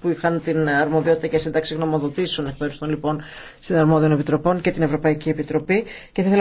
που είχαν την αρμοδιότητα και σύνταξη γνωμοδοτήσεων εκ μέρου των λοιπόν συναρμόδιων επιτροπών και την Ευρωπαϊκή Επιτροπή. Και θα